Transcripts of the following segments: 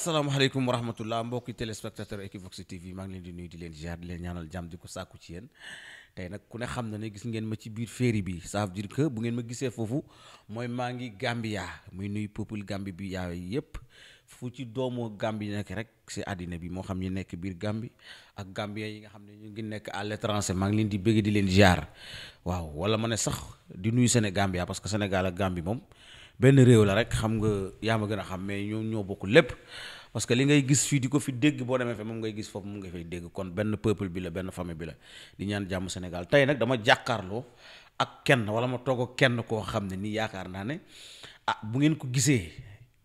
asalaamaaleykum wa rahmatullah mbokki téléspectateur Equivox TV maa ngi leen di nuy di leen ziar di leen ñaanal jàmm di ko sàkku ci yéen tey nag ku ne xam na ne gis ngeen ma ci biir féeri bi ça veut dire bu ngeen ma gisee foofu mooy maa ngi Gambia muy nuyu peuple Gambie bi yaay yépp fu ci doomu Gambie nekk rek si àddina bi moo xam ñi nekk biir Gambie ak Gambien yi nga xam ne ñu ngi nekk à l'étranger maa ngi leen di bëgg di leen ziar waaw wala ma ne sax di nuyu Sénégambia parce que Sénégal ak Gambie moom. benn réew la rek xam nga yaa ma gën a xam mais ñoom ñoo bokk lépp parce que li ngay gis fii di ko fi dégg boo demee fe moom ngay gis foofu moom ngay fay dégg kon benn peuple bi la benn famille bi la di ñaan jàmm Sénégal tey nag dama jàkkaarloo ak kenn wala ma toog kenn koo xam ne nii yaakaar naa ne ah bu ngeen ko gisee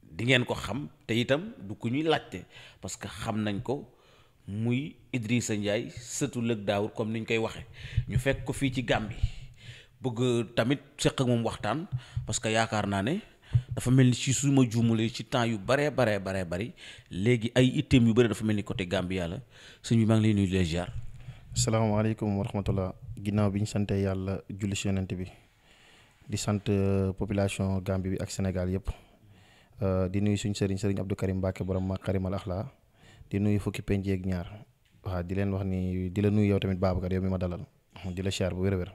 di ngeen ko xam te itam du ku ñuy laajte parce que xam nañ ko muy Idrissa Ndiaye sëtu Lëg Daawur comme ni ñu koy waxe ñu fekk ko fii ci Gàmbi bëgg tamit seq waxtaan parce que yaakaar naa ne dafa mel ni si su ma juumulee ci temps yu baree baree baree bari léegi ay itteem yu bëri dafa mel ni côté Gambia yàlla suñ bi maa ngi lay nuyu di la ziar. ginnaaw bi ñu santee yàlla julli si yonent bi di sant euh, population Gambie bi ak Sénégal yëpp euh, di nuyu suñu sëriñ sëriñ Abdou Karim Mbacke borom Makarimal Axlaa di nuyu fukki penc ñaar waaw di leen wax ni di la nuyu yow tamit Babacar yow mi ma dalal di la ziar bu wér-wér.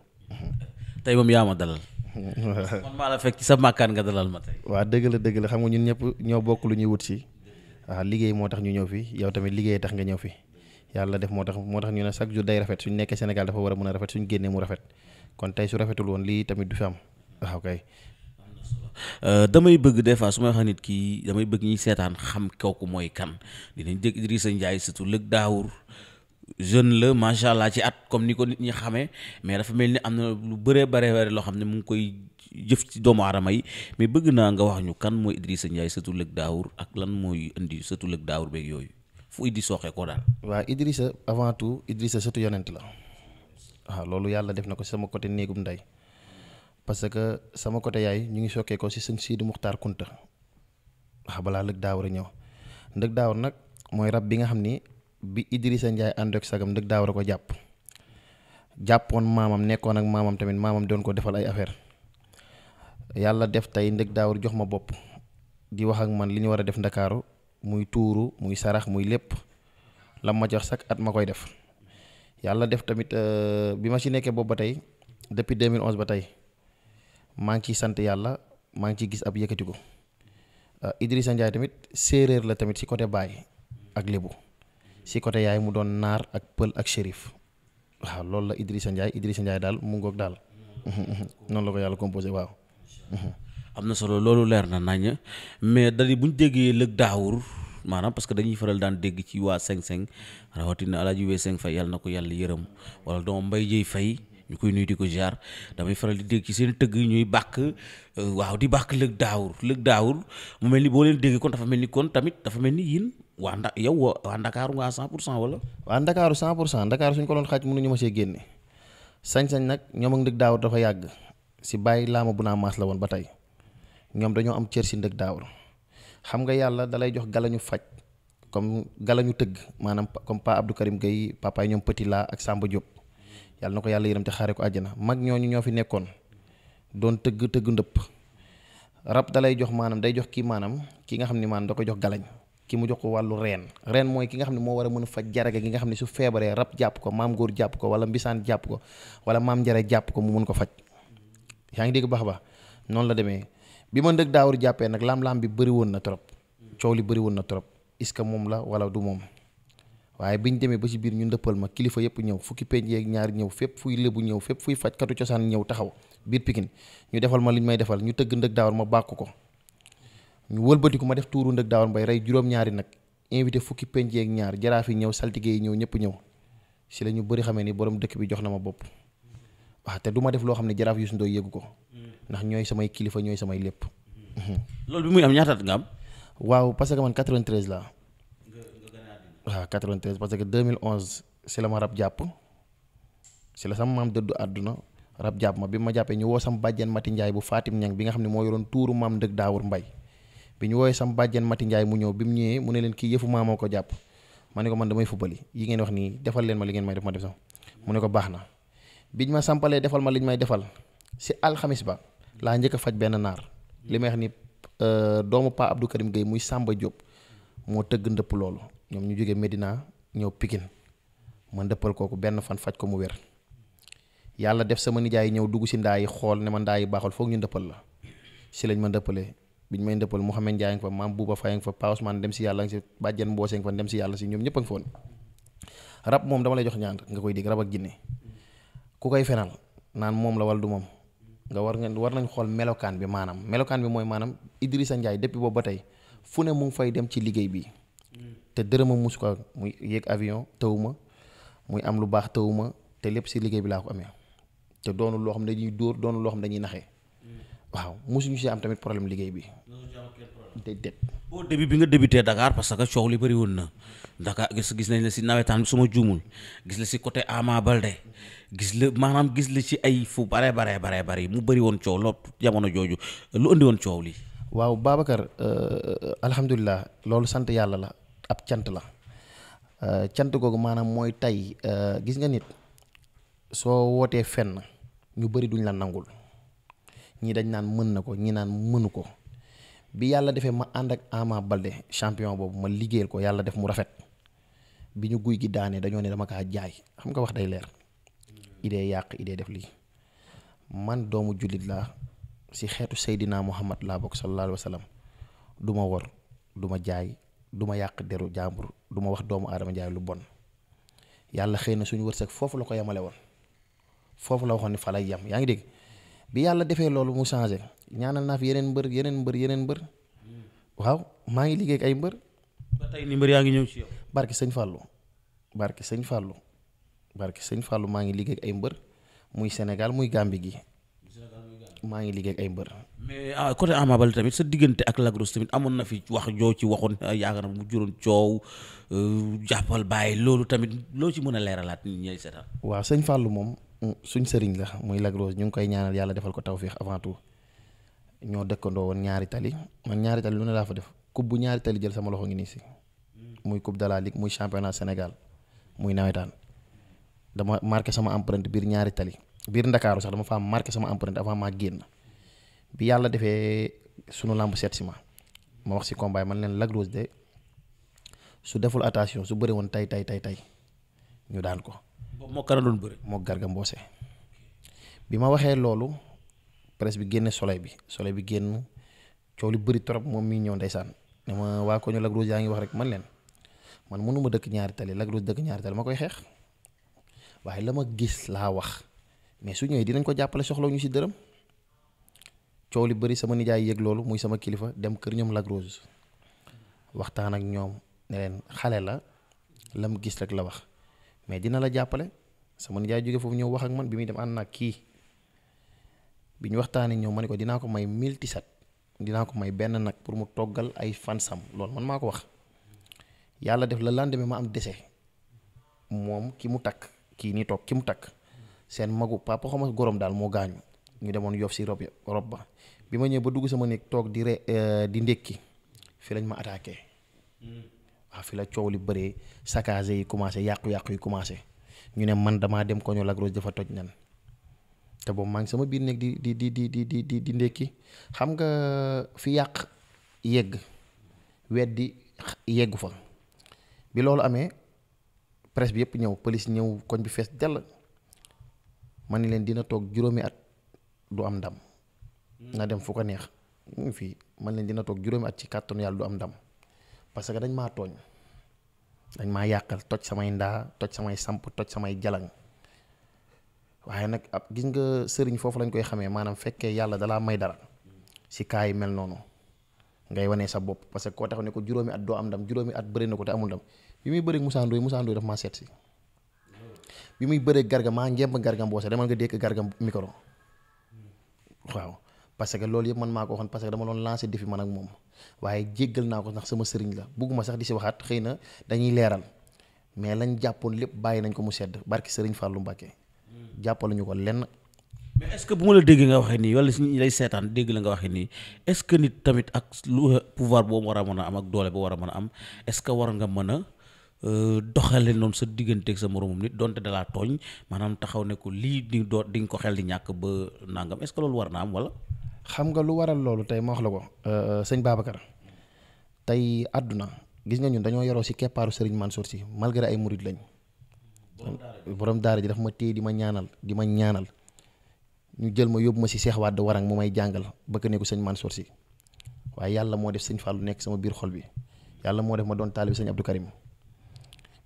tey moom yaa ma dalal. man maa fekk sa màkkaan nga dalal ma tey. waaw dëgg la dëgg la xam nga ñun ñëpp ñoo bokk lu ñuy wut si waaw ah, liggéey moo tax ñu ñëw fi yow tamit liggéey tax nga ñëw fi yàlla def moo tax moo tax ñu ne chaque jour day rafet suñ nekkee Sénégal dafa war a mën a rafet suñ génnee mu rafet kon tey su rafetul woon lii tamit du fi am waaw ah, kay. Euh, damay bëgg des fois su may wax nit kii damay bëgg ñuy seetaan xam kooku mooy kan dinañ dégg Idrissa Ndiaye surtout lëg daawur jeune la macha allah ci at comme ni ko nit ñi xamee mais dafa mel ni am na lu bëree bare bare loo xam ne mu ngi koy jëf ci doomu aadama yi mais bëgg naa nga wax ñu kan mooy Idrissa Ndiaye sëtu Lëg Daawur ak lan mooy indi sëtu Lëg Daawur beeg yooyu fu Iddi sooxee koo daal. waa Idrissa avant tout Idrissa sëtu yonent la waaw loolu yàlla def na ko sama côté néegum ndey parce que sama côté yaay ñu ngi sookee ko si sëñ Sidi Muxtaar Kunta wax balaa Lëg Daawur a ñëw bi Idrissa Ndiaye ànd ak sagam ndëg daawara war a ko jàpp jàppoon maamam nekkoon ak maamam tamit maamam doon ko defal ay affaire yàlla def tey ndëg daawar jox ma bopp di wax ak man li ñu war a def ndakaaru muy tuuru muy sarax muy lépp la ma jox sax at ma koy def yàlla def tamit euh, bi ma ci nekkee boobu ba tey depuis 2011 ba tey maa ngi ciy sant yàlla maa ngi ciy gis ab yëkkati ko euh, Idrissa Ndiaye tamit séeréer la tamit ci côté baay ak lébu si côté yaay mu doon naar ak pël ak shérif waaw loolu la Idrissa Ndiaye Idrissa Ndiaye daal mu ngoog daal noonu la ko yàlla composé waaw. am na solo loolu leer na nañ mais dali bu ñu déggee lëg daawur maanaam parce que dañuy faral daan dégg ci waa Seng Seng rawatina Alaaji Wee Seng Fay yàlla na ko yàlla yërëm wala doom Mbay Jëy Fay ñu koy nuyu di ko jaar damay faral di dégg ci seen tëgg ñuy bàkk waaw di bàkk lëg daawur lëg daawur mu mel ni boo leen dégg kon dafa mel ni kon tamit dafa mel ni yéen waa nda yow waa ndakaaru ngaa cent pour cent wala waa ndakaaru cent pour cent ndakaaru suñ ko doon xaaj mënuñu ma see génne sañ-sañ nag ñoom ak ndëg daaw dafa yàgg si bàyyi laama bu naa maas la woon ba tey ñoom dañoo am cër si ndëg daawul xam nga yàlla dalay jox galañu faj comme galañu tëgg maanaam comme pa Abdou Karim Gueye papa ñoom Petit laa ak Samba Diop yàlla na ko yàlla yërëm te xaare ko àjjana mag ñooñu ñoo fi nekkoon doon tëgg tëgg ndëpp rab dalay jox maanaam day jox kii maanaam ki nga xam ni maanaam da ko jox galañ ki mu jox ko wàllu reen reen mooy ki nga xam ne moo war a mën a faj jarage ki nga xam ne su feebaree rab jàpp ko maam góor jàpp ko wala mbisaan jàpp ko wala maam njare jàpp ko mu mun ko faj yaa ngi dégg baax ba noonu la demee bi ma ndëg daawur jàppee nag laam-laam bi bëri woon na trop coow li bëri na trop est-ce que moom la wala du moom waaye ñu demee ba ci biir ñu ndëppal ma kilifa yëpp ñëw fukki penc yeeg ñaar ñëw fépp fuy lébu ñëw fépp fuy fajkatu cosaan ñëw taxaw biir Pikine ñu defal ma liñ may defal ñu tëgg ndëg daawur ma bàkku ko ñu wëlbatiku ma def tuuru ndëg daawoon bay rey juróom-ñaari nag invité fukki penc ak ñaar jaraaf yi ñëw saltige yi ñëw ñëpp ñëw si la ñu bëri xamee ni boroom dëkk bi jox na ma bopp waaw te du ma def loo xam ne jaraaf Youssou ndoo yëgu ko ndax ñooy samay kilifa ñooy samay lépp. Mhm. loolu bi muy am ñaataat nga am. waaw parce que man 93 laa. waaw 93 parce que 2011 si la ma rab jàpp si la sama maam dëddu àdduna rab jàpp ma bi ma jàppee ñu woo sama bàjjen Mati Ndiaye bu Fatim Niang bi xam ne moo yoroon tuuru maam ndëg daawur mbay. bi ñu woowee sam bàjjen Mati Ndiaye mu ñëw bi mu ñëwee mu ne leen kii yëfu maamoo ko jàpp ma ne ko man damay fubali yi ngeen wax nii defal leen ma li ngeen may def ma def sax mu ne ko baax na biñ ma sampalee defal ma liñ may defal si alxamis ba laa njëkk a faj benn naar li may wax ni euh, doomu Pa Abdou Karim Gueye muy Samba Diop moo tëgg loolu ñoom ñu jógee Medina ñëw Pikine ma ndëppal kooku benn fan faj ko mu wér yàlla def sama nijaay ñëw dugg si ndaa yi xool ne ma ndaa yi baaxul foog ñu ndëppal la si lañ ma ndëppalee biñ may ndëppal Mouhamed Ndiaye nga fa maam Bouba Faye nga fa Pa Ousmane dem si yàlla nga si bàjjen Mboose nga fa moom dama lay jox ñaan nga koy dégg rab ak jinne ku koy fenal naan moom la wal du moom nga war ngeen war nañ xool melokaan bi maanaam melokaan bi mooy maanaam sa Ndiaye depuis boobu ba tey fu ne mu ngi fay dem ci liggéey bi te dërëma musu ko muy yéeg avion tawuma muy am lu baax tawuma te lépp si liggéey bi laa ko amee te doonul loo xam ne ñuy dóor doonul loo xam ne dañuy naxee waaw mosuñu si am tamit problème liggéey bi. déedéet. au début bi nga débuté dakaar parce que coow li bëri woon na Dakar gis gis nañ la si nawetaan suma juumul gis la si côté Ama Balde gis la maanaam gis la ci ay fu bare bare bare bare mu bëri woon coow lool jamono jooju lu andi woon coow li waaw Babacar euh, euh, alhamdulilah loolu sant yàlla la ab cant la euh, cant googu maanaam mooy tey gis nga nit soo wootee fenn ñu bëri duñ la nangul. ñii dañ naan mën na ko ñi naan mënu ko bi yàlla defee ma ànd ak Ama Balde champion boobu ma liggéeyal ko yàlla def mu rafet bi ñu guy gi daanee dañoo ne dama kaa jaay xam nga wax day leer idée yàq idée def lii man doomu jullit laa si xeetu Seydina Muhammad laa bokk sallallahu alayhi wa du ma wor du ma jaay du ma yàq deru jàmbur du ma wax doomu aadama jaay lu bon yàlla xëy na suñu wërsëg foofu la ko yamale woon foofu la waxoon ne fa lay yem yaa ngi dégg bi yàlla defee loolu mu changé ñaanal naa fi yeneen mbër yeneen mbër yeneen mbër waaw maa ngi liggéey ak ay mbër. ba tey ni yaa ngi ñëw ci yow. sëñ Fallou barke sëñ Fallou barke sëñ Fallou maa ngi liggéey ak ay mbër muy Sénégal muy gàmbi gi. maa ngi liggéey ak ay mbër. mais ah, côté Ama tamit sa diggante ak Lac tamit amoon na fi wax joo ci waxoon ah, yaakaar na mu juróom coow euh, jàppal bàyyi loolu tamit loo ci mën a leeralaat nit ñi seetaan. sëñ Fallou moom. suñ sëriñ la muy Lac ñu ngi koy ñaanal yàlla defal ko tawféex avant tout ñoo dëkkandoo woon ñaari tali man ñaari tali lu ne laa fa def coupe bu ñaari tali jël sama loxo ngi nii si muy coupe de la ligue muy championnat Sénégal muy nawetaan dama marqué sama empreinte biir ñaari tali biir ndakaaru sax dama am marqué sama empreinte avant maa génn bi yàlla defee sunu làmb seet si ma ma wax si combat man leen Lac Rose de su deful attention su bëri woon tay tay tay tay ñu daan ko. moo kan a doon moo Garga Mbossé bi ma waxee loolu presse bi génne soleil bi soleil bi génn coow li bëri trop moom mi ñëw ndeysaan ne ma waa ko ñu Lac yaa ngi wax rek man leen man mënuma dëkk ñaari tali Lac dëkk ñaari tali ma koy xeex waaye la ma gis laa wax mais su ñëwee dinañ ko jàppale soxla ñu si dërëm coow li bëri sama nijaay yëg loolu muy sama kilifa dem kër ñoom Lac Rose waxtaan ak ñoom ne xale la lam gis rek la wax mais dina la jàppale sama nijaay jóge foofu ñëw wax ak man bi muy dem ànd nag kii bi ñu waxtaanee ñëw ma ne ko dinaa ko may mille tisat dinaa ko may benn nag pour mu toggal ay fansam loolu man maa ko wax yàlla def la lendemain ma am dese moom ki mu takk kii nii toog ki mu takk seen magu papa xama gorom daal moo gaañu ñu demoon yof si rob rob ba bi ma ñëw ba dugg sama néeg toog di re euh, di ndékki fi lañ ma attaqué hmm. waaw ah, fi la coow li bëree saccage yi commencé yàqu-yàqu yi commencé ñu ne man damaa dem ko ñu Lac Rose dafa toj nan te boobu maa sama biir néeg di di di di di di di ndékki xam nga fi yàq yegg weddi yeggu fa bi loolu amee presse bi yëpp ñëw police ñëw koñ bi fees dell ma ne leen dina toog juróomi at du am ndam. Hmm. na dem fu ko neex fii man leen dina toog juróomi at ci kàttanu yàlla du am ndam. parce que dañ maa tooñ dañ maa yàqal toj samay ndaa toj samay samp toj samay jalang waaye nag ab gis nga sëriñ foofu lañ koy xamee maanaam fekkee yàlla dalaa may dara si kaa yi mel noonu ngay wane sa bopp parce que koo tax ne ko juróomi at doo am ndam juróomi at bëri na ko te amul ndam bi muy bëri Moussa Ndoye Moussa Ndoye daf ma seet bi muy bëree garga maa njëmb garga mboose demal nga dékk garga micro waaw parce que loolu yëpp man maa ko waxoon parce que dama doon lancer défi man ak moom. waaye jéggal naa ko ndax sama sëriñ la bugguma sax di si waxaat xëy na dañuy leeral mais lañ jàppoon lépp bàyyi nañ ko mu sedd barki sëriñ Fallou Mbacké hmm. jàppaluñu ko lenn. mais est-ce bu ma la dégg waxee nii wala si ñi lay seetaan dégg la nga waxee nii est-ce que nit tamit ak lu pouvoir boobu war a mën a am ak doole ba war a mën a am est-ce que war nga mën a euh, doxale noonu sa digganteeg sa moromam nit donte dalaa tooñ maanaam taxaw ne ko lii di doo di ko xel di ñàkk ba nangam est-ce que loolu war na am wala. xam nga lu waral loolu tey ma wax la ko euh, sëñ Babacar tey àdduna gis nga ñun dañoo yoroo si keppaaru Serigne Mansour si malgré ay murid lañ borom daara ji daf ma téye di ma ñaanal di ma ñaanal ñu jël ma yóbbu ma si Seex Wàdd warang mu may jàngal bëgg ne ko sëñ Mansour si waaye yàlla moo def sëñ Fallou nekk sama biir xol bi yàlla moo def ma doon taalibi sëñ Abdou Karim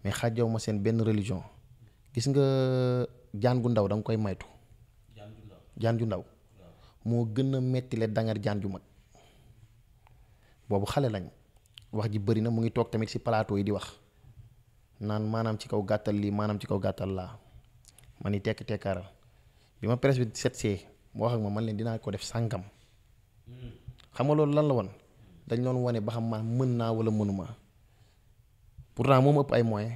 mais ma seen benn religion gis nga jaan gu ndaw da koy maytu jaan ju ndaw moo gën a metti le dangar jaan ju mag boobu xale lañ wax ji bëri na mu ngi toog tamit ci palaato yi di wax naan maanaam ci kaw gàttal lii maanaam ci kaw gàttal laa ma ni tekk tekkaaral bi ma presse bi set see wax ak ma man leen dinaa ko def sàngam xam loolu lan la woon dañ doon wane ba xam ma mën naa wala mënuma pourtant moom ëpp ay moyens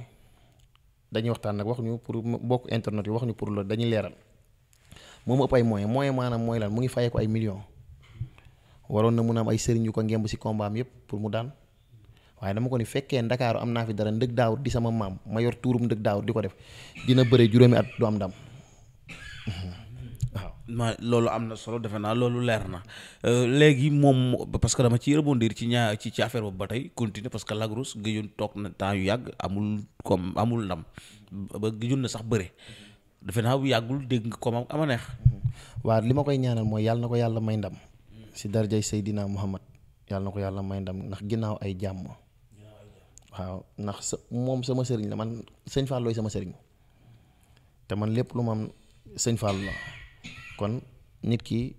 dañuy waxtaan nag wax ñu pour bokk internet yi wax ñu pour loolu dañuy leeral moom ma ëpp ay moyens moyens maanaam mooy lan mu ngi faye ko ay millions waroon na mun am ay sëriñ yu ko ngemb si kombaam yëpp pour mu daan waaye dama ko ni fekkee ndakaaru am naa fi dara ndëg daawut di sama maam ma yor tuurum ndëg daawut di ko def dina bëre juróomi at du am ndam waaw ma loolu am na solo defe naa loolu leer na euh, léegi moom parce que dama ci yëre rebondir ci ñaa ci ci affaire boobu ba tey continuer parce que lagros gëjoon toog na temps yu yàgg amul comme amul ndam ba gëjoon na sax bëre defe naa bu yàggul dégg nga ko am a neex. waaw li ma koy ñaanal mooy yàlla na ko yàlla may ndam. si darajay Seydina Muhammad yàlla na ko yàlla may ndam ndax ginnaaw ay jàmm. waaw ndax sa moom sama sëriñ la man sëñ Fallooy sama sëriñ te man lépp lu ma am sëñ Fall la kon nit ki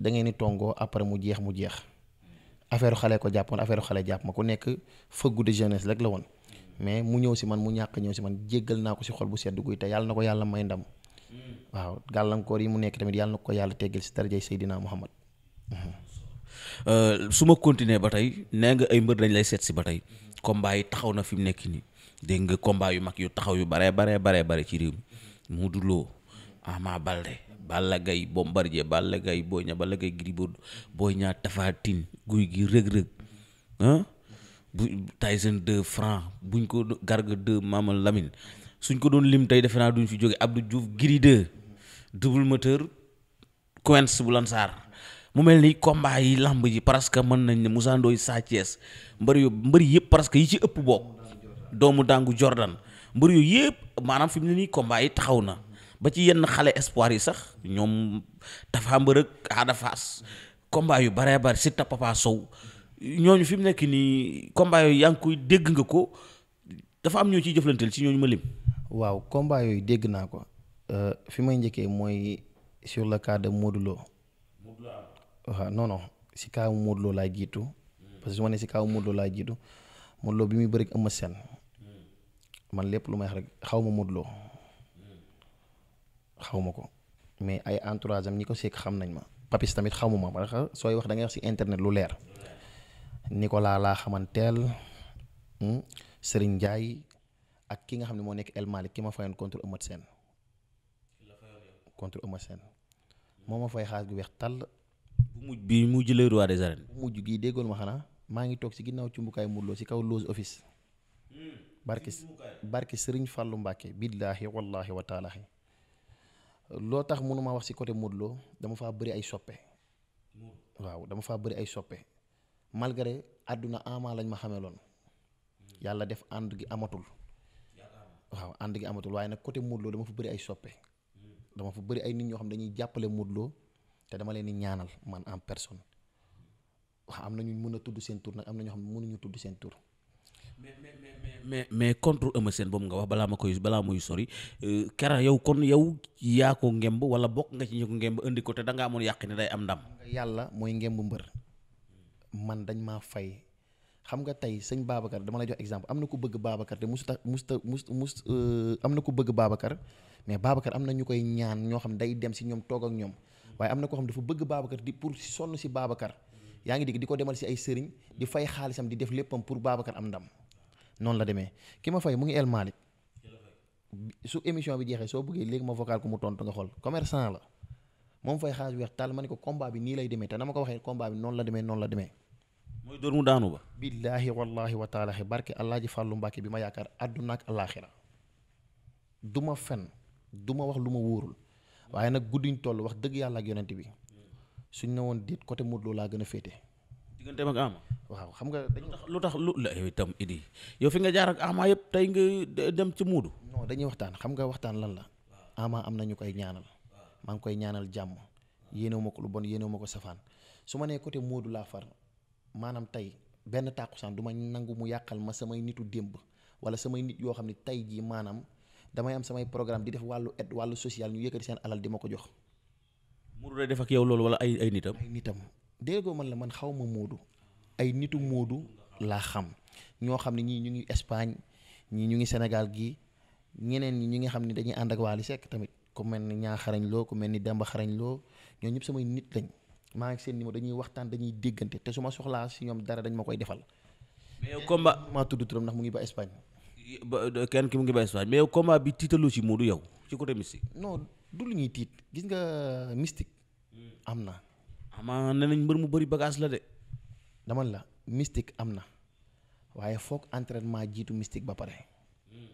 da ngeen ni tongoo après mu jeex mu jeex affaire xale ko jàppoon affaire xale jàpp ma ku nekk fëggu de jeunesse rek la woon. mais mu ñëw si man mu ñàkk ñëw si man jéggal naa ko si xol bu sedd guy te yàlla na ko yàlla may ndam hmm. waaw gàllankoor yi mu nekk tamit yàlla na ko yàlla teggal si darajay Seydina Muhammad hmm. uh, su ma continuer ba tey nee nga ay mbër dañ lay seet si ba tey combat yi taxaw na fi mu nekk nii dégg nga combat yu mag yu taxaw yu bare bare bare bare ci réew mu Modou Lo Ama Baldé gay Gaye Bombardier Balla Gaye Boy Niang Balla Gaye Gris Bordeaux Boy Niang Tapha Tine Gouye ah. bu Tyson 2 Franc buñ ko Garga 2 Mama Lamine suñ ko doon lim tey defe naa duñ fi jóge Abdou Diouf Giri 2 double moteur Coence bu Lansar mu mel ni combat yi lamb ji parce que mën nañ ne Moussa Ndoye Sa Thiès mbër yu mbër yëpp parce que yi ci ëpp bokk doomu dàngu Jordan mbër yooyu yëpp maanaam fi mu ne nii combat yi taxaw na ba ci yenn xale espoir yi sax ñoom dafa mbër ak aada faas yu baree bari si ta Sow ñooñu fi mu nekk nii combat yooyu yaa ngi koy dégg nga ko dafa am ñoo ciy jëflanteel ci ñooñu ma lim. waaw combat yooyu dégg naa ko euh, fi may njëkkee mooy sur le cas de Modou Lo. waaw non non si cas Modou laa jiitu. parce que su si cas Modou laa jiitu Modou bi muy bëri Eumeu Sène man lépp lu may rek xaw ma Modou xaw ma ko mais ay entourage am ñi ko seek xam nañ ma. papis tamit xaw ma ma parce sooy wax da ngay wax si internet lu leer. Nicolas laa xamanteel hmm, Serigne Ndiaye ak ki nga xam ne moo nekk El Malick ki ma fayoon contre Eumeu Sène moo ma fay xaalis gu weex tàll bu mujj bi mu jëlee roi des arènes bu mujj gii déggoon ma xanaa maa ngi toog si ginnaw cumbukaay muloo si kaw loose office barki hmm, barki Serigne Fallou Mbacke billaahi wallaahi wa taalaahi loo tax mënuma wax si côté Modou dama faa bëri ay soppe waaw dama faa bari ay soppe malgré àdduna ama lañ ma xameloon yàlla def ànd gi amatul waaw ànd gi amatul waaye nag côté Modou Lo dama fa bari ay soppe dama fa bëri ay nit ñoo xam ne dañuy jàppale mutloo te dama leen di ñaanal man en personne waaw am na ñu mën a tudd seen tur nag am na ñoo xam ne mënuñu tudd seen tur. mais mais mais mais mais contre nga wax balaa ma koy balaa muy sori euh, kera yow kon yow yaako ko ngemb wala bokk nga ci ñu ko ngemb indi ko te da nga amoon yàq ne day am ndam. yàlla mooy ngemb mbër. man dañ maa fay xam nga tey sëñ Babacar dama lay jox exemple am na ko bëgg Babacar te musta musta mus mus euh, am na ku bëgg Babacar mais Babacar am na ñu koy ñaan ñoo xam day dem si ñoom toog ñoom waaye am na koo xam dafa bëgg Babacar di pour sonn si Babacar yaa ngi dégg di ko demal si ay sëriñ di fay xaalisam di def léppam pour Babacar am ndam noonu la demee ki ma fay mu ngi El Malick su émission bi jeexee soo bëggee léegi ma vocal ko mu tontu nga xool commerçant la moom fay xaalis weex tàll ma ne ko combat bi nii lay demee te na ma ko waxee combat bi noonu la demee noonu la demee mooy dóor mu daanu ba. billaahi wallaahi wa taalaahi barke Alaaji Fàllu Mbàkke bi ma yaakaar àdduna ak alaaxira du ma fen duma wax lu ma wóorul waaye nag guddiñ toll wax dëgg yàlla ak yonent bi suñ ne woon déet côté Modou laa gën a féete. digganteem ak Ama. waaw xam nga tax lu la yow itam nga jaar ak Ama yëpp tey nga dem ci muudu. non dañuy waxtaan xam nga waxtaan lan la. Ama am na koy ñaanal. maa ngi koy ñaanal jàmm. yéenewu ma ko lu bon yéenewu ma su ma nee côté Modou laa far maanaam tey benn tàkkusaan du ma nangu mu yàqal ma samay nitu démb wala samay nit yoo xam ne tey jii maanaam damay am samay programme di def wàllu aide wàllu social ñu yëkkati seen alal di ma ko jox. Moodu day def ak yow loolu wala ay ay nitam. nitam déggoo man la man xaw ma Moodu ay nitu Moodu laa xam ñoo xam ne ñii ñu ngi Espagne ñii ñu ngi Sénégal gii ñeneen ñi ñi nga xam ne dañuy ànd ak Wally sekk tamit ku mel ni ñaa xarañ loo ku mel ni Demba xarañ loo ñoo ñëpp samay nit lañ. maa ngi seen numéro dañuy waxtaan dañuy déggante te su ma soxlaa si ñoom dara dañ ma koy defal. mais combat maa tudd turam ndax mu ngi ba Espagne. ba kenn ki mu ngi ba Espagne mais yow combat bi tiitalu si Modou yow ci côté mystique. non du lu ñuy tiit gis nga euh, mystique. Hmm. am na. amaa nee nañ mbër mu bëri bagage la de. dama la mystique am na waaye foog entraînement jiitu mystique ba pare. Hmm.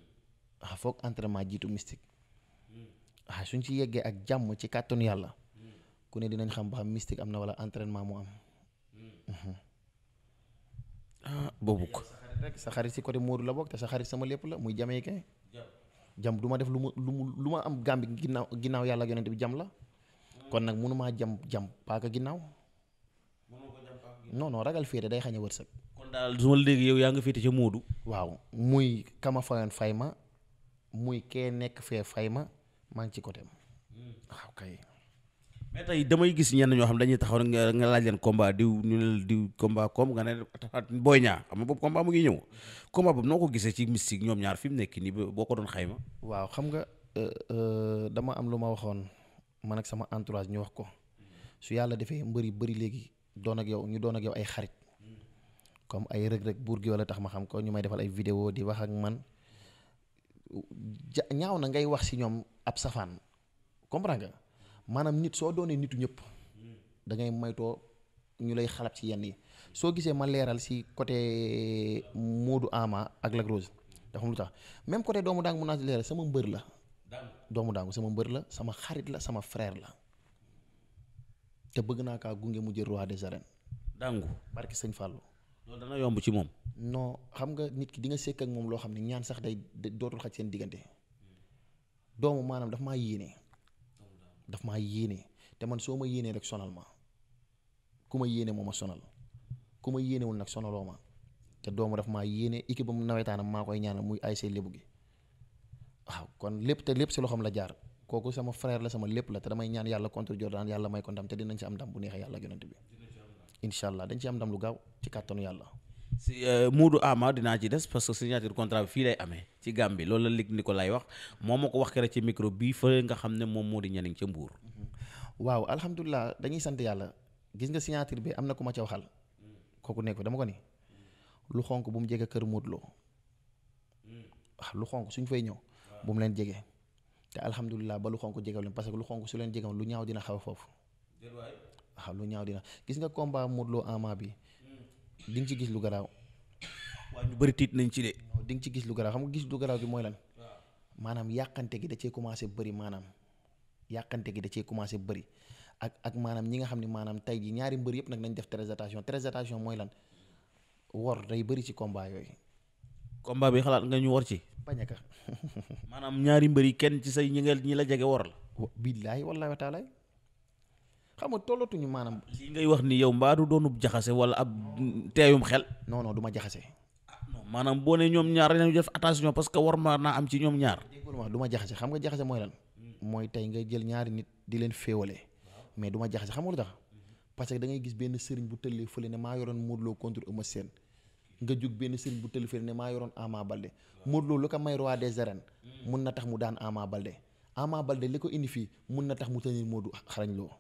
ah foog entraînement jiitu mystique. Hmm. ah suñ si yeggee ak jàmm ci kàttanu yàlla. ku ne xam ba xam na wala entraînement mu am. Hmm. ah boobu ko. sa la bokk sa xarit sama lépp la muy Jamaïcain. jam du def lu ma lu lu ma am gàmbi ginnaaw ginnaaw yàlla ak yonent bi la. kon nag mënu maa jam jam paaka ginnaaw. non ragal féete day xañ a wërsëg. kon daal su ma la déggee yaa nga féete ca Modou. waaw muy kama fayoon fay ma muy kee nekk fee fay ma maa ngi ci côté hmm. waaw kay. mais tey damay gis ñenn ñoo xam dañuy taxaw rek nga laaj leen combat diw ñu ne diw combat comme nga ne booy ñaa xam nga boobu combat mu ngi ñëw combat boobu noo ko gisee ci mystique ñoom ñaar fi nekk nii boo ko doon xayma. waaw xam nga euh, euh, dama am lu ma waxoon man ak sama entourage ñu wax ko su yàlla defee mbër yu bëri léegi doon ak yow ñu doon ak yow ay xarit comme ay rëg-rëg buur gi wala tax ma xam ko ñu may defal ay vidéo di wax ak man ñaaw na ngay wax si ñoom ab safaan comprends nga. maanaam nit soo doonee nitu ñëpp dangay ngay maytoo ñu lay xalaat ci yenn yi soo gisee ma leeral si côté Modou Ama ak Lac Rose dafa lu tax même côté doomu daangu mun naa si sama mbër la. doomu daangu sama mbër la sama xarit la sama frère la te bëgg naa kaa gunge mu jël roi des arènes. dangu barki sëñ Fallou. loolu dana yomb ci moom. non xam nga nit ki di nga sekk ak moom loo xam ne ñaan sax day dootul xaj seen diggante doomu maanaam dafa maa yéene. daf maa yéene te man soo ma yéenee rek sonal ma ku ma yéene moom ma sonal ku ma yéenewul nag sonaloo ma te doomu daf maa yéene équipe am nawetaanam maa koy ñaanal muy ay ASC Lebu gi waaw kon lépp te lépp si loxoom la jaar kooku sama frère la sama lépp la te damay ñaan yàlla contre Jordan yàlla may ko ndam te dinañ si am ndam bu neexee yàlla yonent bi incha allah dañ si am ndam lu gaaw ci kàttanu yàlla si euh, Moodu Ama dinaa ci des parce que signature contrat bi fii lay amee ci bi loolu la lig ni ko lay wax moo ma ko wax keroog ci micro bii fële nga xam ne moom moo di ñaniñ ca Mbuur waaw alhamdulilah dañuy sant yàlla gis nga signature bi am na ku ma ca waxal kooku nekk dama ko ni lu xonk bu mu jege kër Modou Lo lu xonk suñ fay ñëw bu mu leen jege te alhamdulilah ba lu xonk jegew leen parce que lu xonk su leen jegewoon lu ñaaw dina xaw foofu waaw lu ñaaw dina gis nga combat Modou Lo bi di nga ci gis lu garaaw. waa ñu bëri tiit nañ ci de. di nga ci gis lu garaaw xam nga gis lu garaaw gi mooy lan. maanaam yàqante gi da cee commencé bëri maanaam yàqante gi da cee commencé bëri ak ak maanaam ñi nga xam ne maanaam tey jii ñaari mbër yëpp nag nañ def très attention très mooy lan wor day bëri ci combat yooyu. combat bi xalaat nga ñu wor ci. bañ a ka. maanaam ñaari mbër yi kenn ci say ñi nga ñi la jege wor la. billahi wallahi wa xam nga tollatuñu maanaam. li ngay wax ni yow mbaa du doonub jaxase wala ab teeyum xel. non duma du ma jaxase. Ah, maanaam boo ne ñoom ñaar dañu def attention parce que war ma naa am ci ñoom ñaar. du ma jaxase xam nga jaxase mooy lan. Hmm. mooy tey nga jël ñaari nit di leen féewale. mais duma ma jaxase xam nga lu tax. Hmm. parce que da ngay gis benn sëriñ bu tëllee fële ne maa yoroon Modou Lo contre Eumeu Sène nga jug benn sëriñ bu tëllee fële ne maa yoroon Ama Balde Modou lu ko may roi des arènes hmm. mun na tax mu daan Ama Balde Ama Balde li ko indi fii mun na tax mu tënir Modou xarañ loo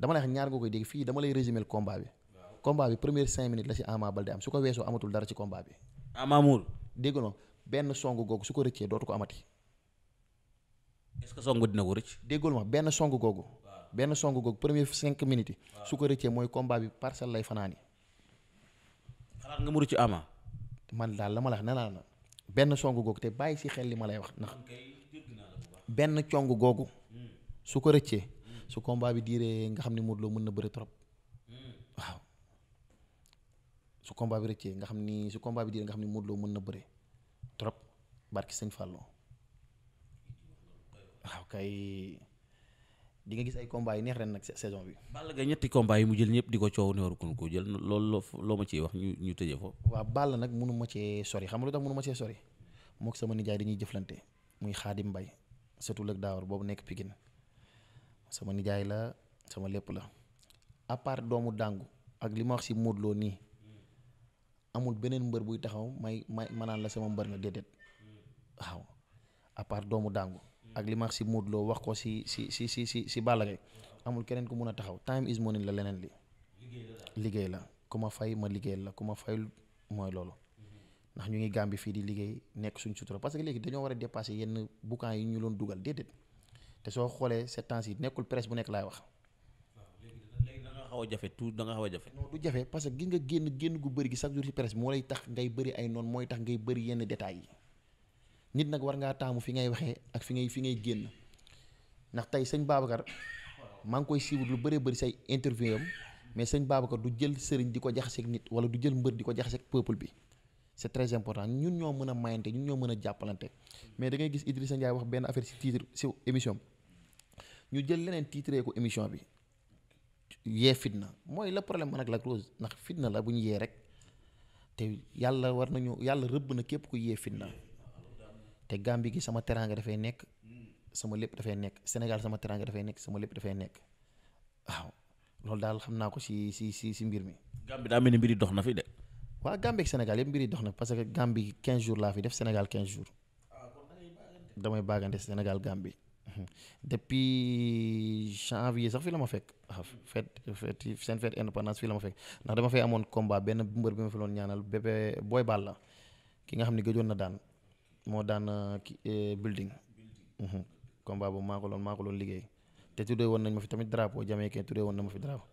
dama lay wax ñaar nga koy dégg fii dama lay résumer combat bi. combat bi première cinq minutes la ci Ama Baldé am su ko weesoo amatul dara ci combat bi. Ama Mour. dégg benn song googu su ko rëccee dootu ko ce que song dina ko rëcc. déggul ma benn song googu. benn song googu première cinq minutes su ko rëccee mooy combat bi parcelle lay fanaani. xalaat nga mu rëcc Ama. man daal la ma la wax ne laa benn song googu te bàyyi si xel li ma lay wax ndax benn cong googu hmm. su ko rëccee. su combat bi diiree nga xam ne Modou Lo mën na bëri trop waaw su combat bi rëccee nga xam ni su combat bi diiree nga xam ne Modou Lo mën na bëri trop barki sëñ Fallou waaw kay. di nga gis ay combat yi neex ren nag saison bi. Balla Gaye ñetti combat yi mu jël ñëpp di ko coow ne waru jël loolu loo ma cee wax ñu ñu tëjee foofu. waaw Balla nag mënu ma cee sori xam nga lu tax mënu ma cee sori mook sama nijaay dañuy jëflante muy Xaadim Mbay surtout lëg daawar boobu nekk Pikine sama nijaay la sama lépp la à part doomu dàngu ak li ma wax si Modou Lo nii amul beneen mbër buy taxaw may may manaan la sama mbër nga déedéet waaw à part doomu dàngu ak li ma wax si Modou loo wax ko si si si si si si Balla Gaye amul keneen ku mun a taxaw time is money la leneen li liggéey la ku ma fay ma liggéey la ku ma fayul mooy loolu mhm. ndax ñu ngi Gàmbi fii di liggéey nekk suñ sutura parce que léegi dañoo war a dépasser yenn boucan yi ñu loon dugal déedéet te soo xoolee ces temps yi nekkul presse bu nekk laay wax. xaw jafe tout da xaw a jafe. non du jafe parce que gis nga génn génn gu bëri gi chaque jour ci presse moo lay tax ngay bëri ay noon mooy tax ngay bëri yenn détails yi nit nag war ngaa taamu fi ngay waxee ak fi ngay fi ngay génn ndax tey sëñ Babacar maa ngi koy siiwut lu bëree bari say interview mais sëñ Babacar du jël sëriñ di ko jaxaseeg nit wala du jël mbër di ko jaxaseeg peuple bi. c'est très important ñun ñoo mën a mayante ñun ñoo mën a jàppalante mais da ngay gis Idrissa Ndiaye wax benn affaire ci titre ci émission ñu jël leneen titré ko émission bi yee fitna mooy la problème man ak Lac Rose ndax fitna la bu ñu yee rek te yàlla war nañu yàlla rëbb na képp ku yee fitna te Gambie gi sama teraanga dafay nekk sama lépp dafay nekk Sénégal sama teraanga dafay nekk sama lépp dafay nekk waaw loolu daal xam naa ko si si si mbir mi. Gambie waa Gambie ak Sénégal yëpp mbir dox na parce que Gambie 15 jours laa fi def Sénégal 15 jours damay baagante Sénégal Gambie mhm. depuis janvier sax fii la ma fekk waaw fête fête seen fête fii la ma fekk ndax dama fay amoon combat benn mbër bi ma fi doon ñaanal bébé booy baal la ki nga xam ne gëjoon na daan moo daan euh, euh, building mhm. combat boobu maa ko loon maa ko loon liggéey te tuddee woon nañ ma fi tamit drapeau jamee kenn tuddee woon na ma fi drapeau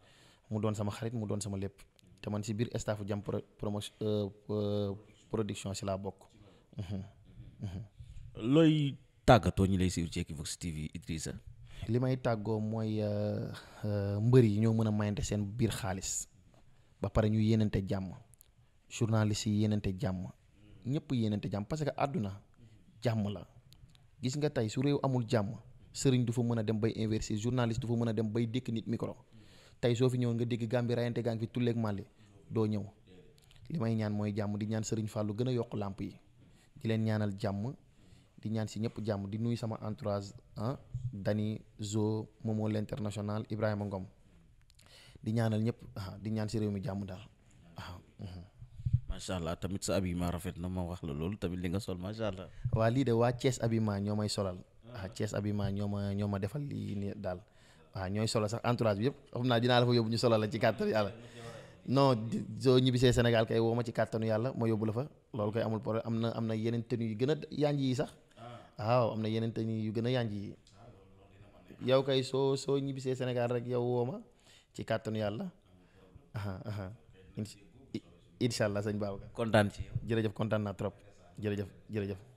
mu doon sama xarit mu doon sama lépp te si biir staffu jam pro promotion euh, euh, production si laa bokk. Mhm. Mhm. looy tàggatoo ñi lay suivre ci Equivox TV Idrissa. li may tàggoo mooy euh, mbër yi ñoo mën a mayante seen biir xaalis ba pare ñu yéenante jàmm journaliste yi yéenante jàmm ñëpp yéenante jàmm parce que àdduna jàmm la gis nga tey su réew amul jàmm sëriñ du fa mën a dem bay inverser journaliste du fa mën a dem bay dékk nit micro. tey soo fi ñëw nga dégg Gàmbi rayante gaa ngi fi tulleeg Mali doo ñëw li may ñaan mooy jàmm di ñaan Serigne Fallou gën a yokk làmp yi di leen ñaanal jàmm di ñaan si ñëpp jàmm di nuyu sama entourage ah Dani Zo Momo l'international Ibrahima Ngom di ñaanal ñëpp ah, di ñaan si réew mi jàmm daal waaw. Ah, mhm. macha allah tamit sa habillement rafet na ma wax la loolu tamit li nga sol macha allah. waa lii de waa Thiès habillement ñoo may solal. ah Thiès habillement ñoo ma ñoo ma defal lii daal. waaw ñooy solo sax entourage bi yëpp xam naa dinaa la fa yóbbu ñu solo la ci kàttanu yàlla non soo ñibbisee Sénégal kay woo ma ci kàttanu yàlla ma yóbbu la fa loolu koy amul problème am na am na yeneen tenue yu gën a yànj yi sax waaw am na yeneen tenue yu gën a yànj yi yow kay soo soo ñibbisee Sénégal rek yow woo ma ci kàttanu yàlla incha allah sañ Babacar kontaan ci jërëjëf kontaan naa trop jërëjëf jërëjëf